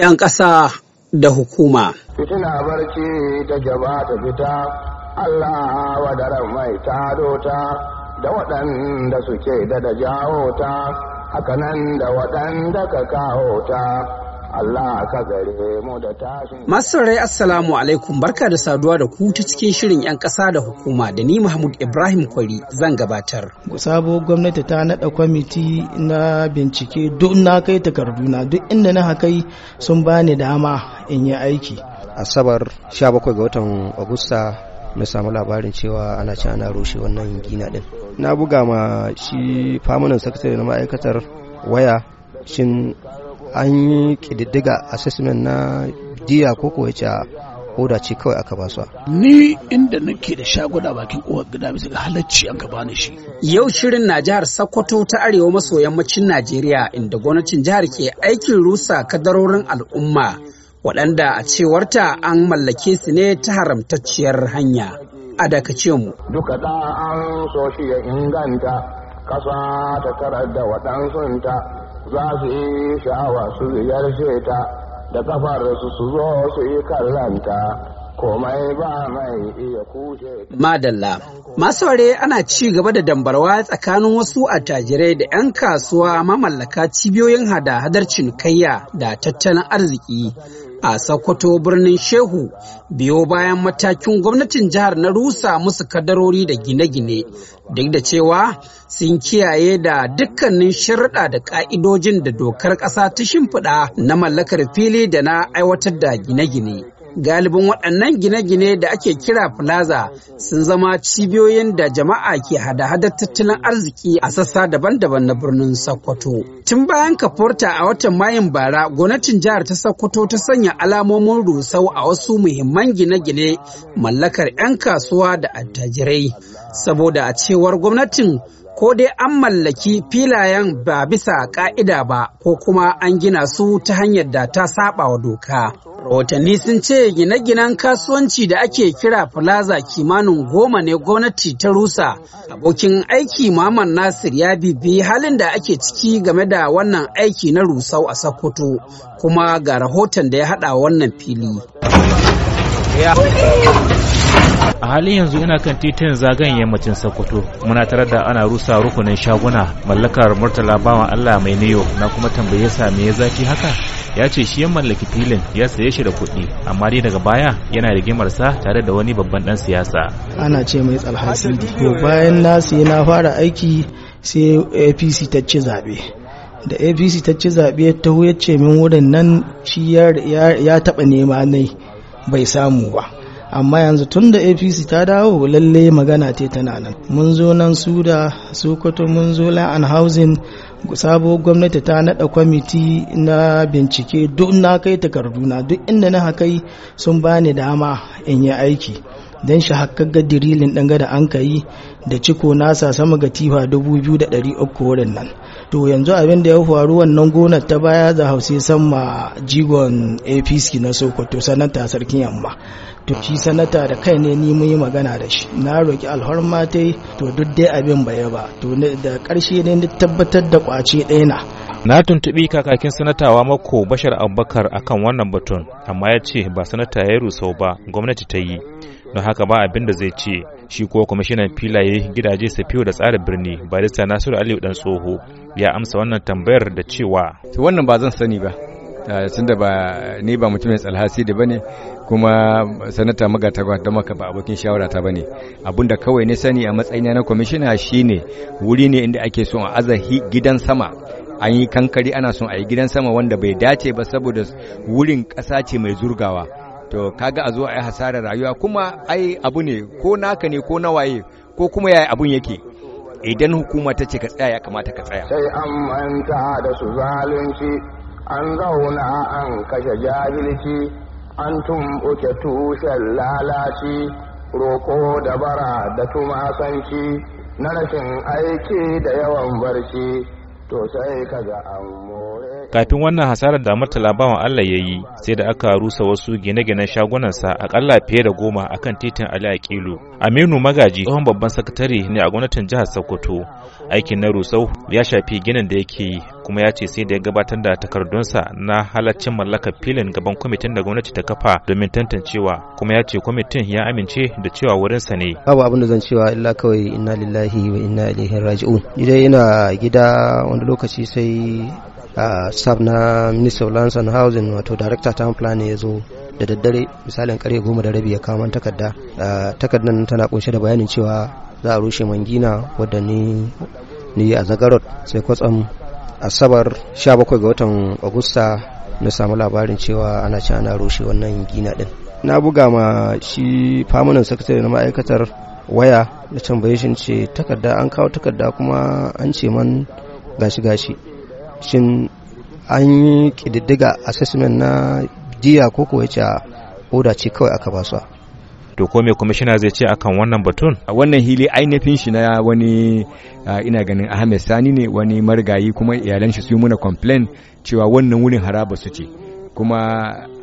'yan ƙasa da hukuma. Fitina barci ta gaba ta fita, Allah wadaran mai ta ta da waɗanda suke da da jawo ta, hakanan da waɗanda ka kawo ta. masarai Assalamu alaikum barka da saduwa da ku ta cikin shirin 'yan ƙasa da hukuma da ni Mahmud Ibrahim Kwari zan gabatar. Sabo gwamnati ta naɗa kwamiti na bincike duk na kai takarduna duk inda na hakai sun ba ni dama in yi aiki. Asabar 17 ga watan Agusta na samu labarin cewa ana ci ana rushe wannan gina din na buga ma shi famunan sakatare na ma'aikatar waya shin an yi kididdiga assessment na diya ko kuwa ko da ce kawai aka ba su ni inda nake da shaguna bakin kowar gida bisa ga halacci an gaba ni shi yau shirin na jihar Sokoto ta arewa maso yammacin Najeriya inda gwamnatin jihar ke aikin rusa kadarorin al'umma waɗanda a cewarta an mallake su ne ta haramtacciyar hanya a dakace mu duka da an so shi ya inganta kasa ta tarar da waɗansunta za su yi sha'awa su ziyarce ta da kafarsu su zo su yi kallanta komai ba mai iya kushe madalla masu ware ana ci gaba da dambarwa tsakanin wasu attajirai da 'yan kasuwa mamallaka cibiyoyin hada-hadar cinikayya da tattalin arziki a Sokoto birnin Shehu biyo bayan matakin gwamnatin jihar na rusa musu kadarori da gine-gine duk da cewa sun kiyaye da dukkanin sharuɗa da ƙa'idojin da dokar ƙasa ta shimfiɗa na mallakar fili da na aiwatar da gine-gine. galibin waɗannan gine-gine da ake kira plaza sun zama cibiyoyin da jama'a ke hada hada tattalin arziki a sassa daban-daban na birnin sokoto tun bayan kaforta a watan mayun bara gwamnatin jihar ta sokoto ta sanya alamomin rusau a wasu muhimman gine-gine mallakar 'yan kasuwa da attajirai saboda a cewar gwamnatin ko dai an mallaki filayen ba bisa ka'ida ba ko kuma an gina su ta hanyar da ta saba wa doka. Rahotanni sun ce gine-ginen kasuwanci da ake kira plaza kimanin goma ne gwamnati ta rusa. Abokin aiki Muhammad Nasir ya bibi halin da ake ciki game da wannan aiki na rusau a Sokoto kuma ga rahoton da ya haɗa wannan fili. halin yanzu ina kan titin zagayen yammacin sokoto muna tare da ana rusa rukunin shaguna mallakar murtala bawan allah mai niyo na kuma tambaye sa me ya zafi haka ya ce shi ya mallaki filin ya saye shi da kuɗi amma dai daga baya yana rigimar sa tare da wani babban dan siyasa ana ce mai tsalhasidi to bayan na sai na fara aiki sai apc ta ci zaɓe da apc ta ci zaɓe ta huyar ce min wurin nan shi ya taɓa nema nai bai samu ba amma yanzu tun da apc ta dawo lalle magana te tana nan mun zo nan su da sokoto mun zo la'an housing sabo gwamnati ta nada kwamiti na bincike duk na kai takarduna duk inda na hakai sun bani dama in yi aiki don shi hakkagga dirilin ɗanga da an kayi da ciko nasa sama ga tifa 2,300 wurin nan to yanzu abin da ya faru wannan gona ta baya za hausa sama jigon apc na sokoto ta sarkin yamma to sanata da kai ne ni mun yi magana da shi na roki alhorma matai to duk dai abin bai ba to da karshe ne tabbatar da kwace ɗaya na na tuntubi kakakin sanatawa mako bashar abubakar akan wannan batun amma ya ce ba sanata ya rusau ba gwamnati ta yi don haka ba abin da zai ce shi ko kwamishinan filaye gidaje safiyo da tsarin birni barista nasiru aliyu dan tsoho ya amsa wannan tambayar da cewa wannan ba zan sani ba eh, da ba ni ba mutumin tsalhasi da ba ne. kuma sanata ta da maka ba abokin shawara ta bane abinda kawai ne sani a matsayina na kwamishina shine wuri ne inda ake son a aza gidan sama an yi kankari ana son a yi gidan sama wanda bai dace ba saboda wurin ƙasa ce mai zurgawa to kaga a zo a yi hasarar rayuwa kuma ai abu ne ko naka ne ko nawaye ko kuma yaya abun yake idan hukuma ta ce ka tsaya ya kamata ka tsaya sai an manta da su zalunci an zauna an kashe jahilci an tumɓuke tushen lalaci roƙo da bara da tumasanci na rashin aiki da yawan barci to sai kaga an more kafin wannan hasarar da murtala bawan Allah ya yi sai da aka rusa wasu gine-ginen shagunansa akalla fiye da goma a kan titin Ali Akilu. Aminu Magaji tsohon babban sakatare ne a gwamnatin jihar Sokoto. Aikin na rusau ya shafi ginin da yake yi kuma ya ce sai da ya gabatar da takardunsa na halaccin mallakar filin gaban kwamitin da gwamnati ta kafa domin tantancewa kuma ya ce kwamitin ya amince da cewa wurinsa ne. Babu abin da zan cewa illa kawai inna lillahi wa inna ilaihi raji'un. Idan yana gida wani lokaci sai Ah, sab na minister of lands and housing wato director town plan ya zo da daddare misalin kare goma da rabi ya kawo takarda ah, takardar tana kunshe da bayanin cewa za a rushe mangina wadda ni ni a zagarot sai kwatsam asabar 17 ga watan agusta na samu labarin cewa ana ci ana rushe wannan gina din na buga ma shi famunan sakatare na ma'aikatar waya na tambaye shi ce takarda an kawo takarda kuma an ce man gashi gashi shin an yi ƙididdiga assessment na jiya ko kuwa ce oda ce kawai aka ba su to ko me kwamishina zai ce akan wannan batun A wannan hili ainihin shi na wani ina ganin ahmed sani ne wani marigayi kuma iyalan shi su muna complain cewa wannan wurin haraba su ce kuma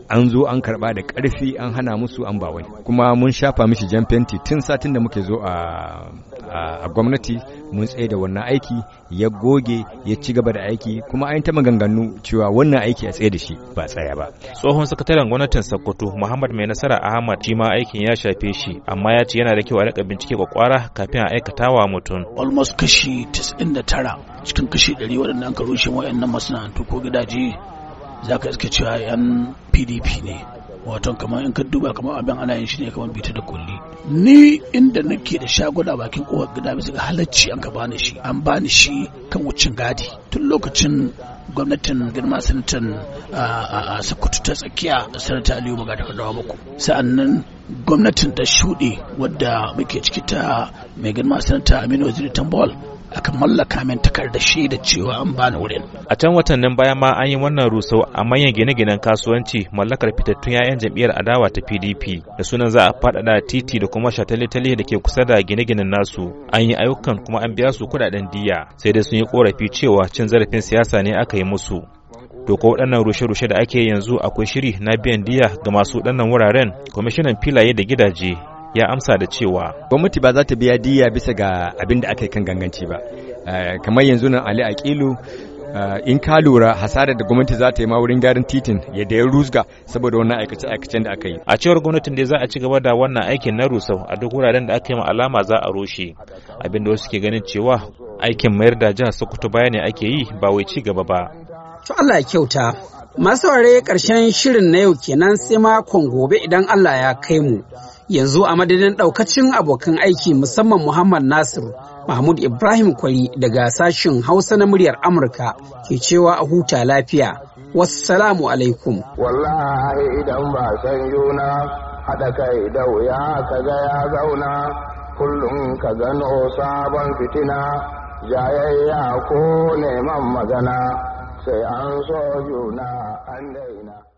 an zo an karba da karfi an hana musu an ba wani kuma mun shafa mishi jan fenti tun satin da muke zo a gwamnati mun tsaye da wannan aiki ya goge ya ci gaba da aiki kuma an ta maganganu cewa wannan aiki a tsaye da shi ba tsaya ba tsohon sakataren gwamnatin sokoto muhammad mai nasara ahmad shi ma aikin ya shafe shi amma ya ce yana da kyau a rika bincike kwakwara kafin a aikata wa mutum almost kashi 99 cikin kashi 100 waɗannan ka wayannan masana'antu ko gidaje zaka iska cewa yan pdp ne wato kamar in ka duba kamar abin ana yin shi ne kamar bita da kulli ni inda nake da shaguna bakin kowar gida bisa ga halacci an ka bani shi an bani shi kan wucin gadi tun lokacin gwamnatin girma sanatan a sakutu ta tsakiya sanata aliyu maga daga dawa muku sa'annan gwamnatin ta shuɗe wadda muke ciki ta mai girma sanata aminu waziri Tambawal. aka mallaka min takardar shaidar cewa an bani wurin a can watannin baya ma an yi wannan rusau a manyan gine-ginen kasuwanci mallakar fitattun 'ya'yan jam'iyyar adawa ta pdp da sunan za a faɗaɗa titi da kuma shatale-tale da ke kusa da gine-ginen nasu an yi ayyukan kuma an biya su kuɗaɗen diya sai dai sun yi korafi cewa cin zarafin siyasa ne aka yi musu to ko waɗannan rushe-rushe da ake yanzu akwai shiri na biyan diya ga masu waɗannan wuraren kwamishinan filaye da gidaje ya amsa da cewa gwamnati ba za ta biya diya bisa ga abin da aka yi kan ganganci ba eh, kamar yanzu nan ali akilu eh, in ka lura hasarar da gwamnati za ta yi ma wurin garin titin ya da ya rusga saboda wannan aikace-aikacen da aka yi a cewar gwamnatin da za a ci gaba da wannan aikin na rusau a duk wuraren da aka yi ma alama za a rushe abin da wasu ke ganin cewa aikin mayar da jihar sokoto baya ne ake yi ba wai ci gaba ba to Allah ya kyauta masu ware karshen shirin na yau kenan sai makon gobe idan Allah ya kai mu yanzu a madadin daukacin abokan aiki musamman Muhammad Nasir Mahmud Ibrahim Kwari daga sashin Hausa na muryar Amurka ke cewa a huta lafiya. Wassalamu alaikum. Wallahi idan ba san juna haɗa kai da wuya ka gaya ya zauna kullum ka gano sabon fitina jayayya ko neman magana sai an so juna an daina.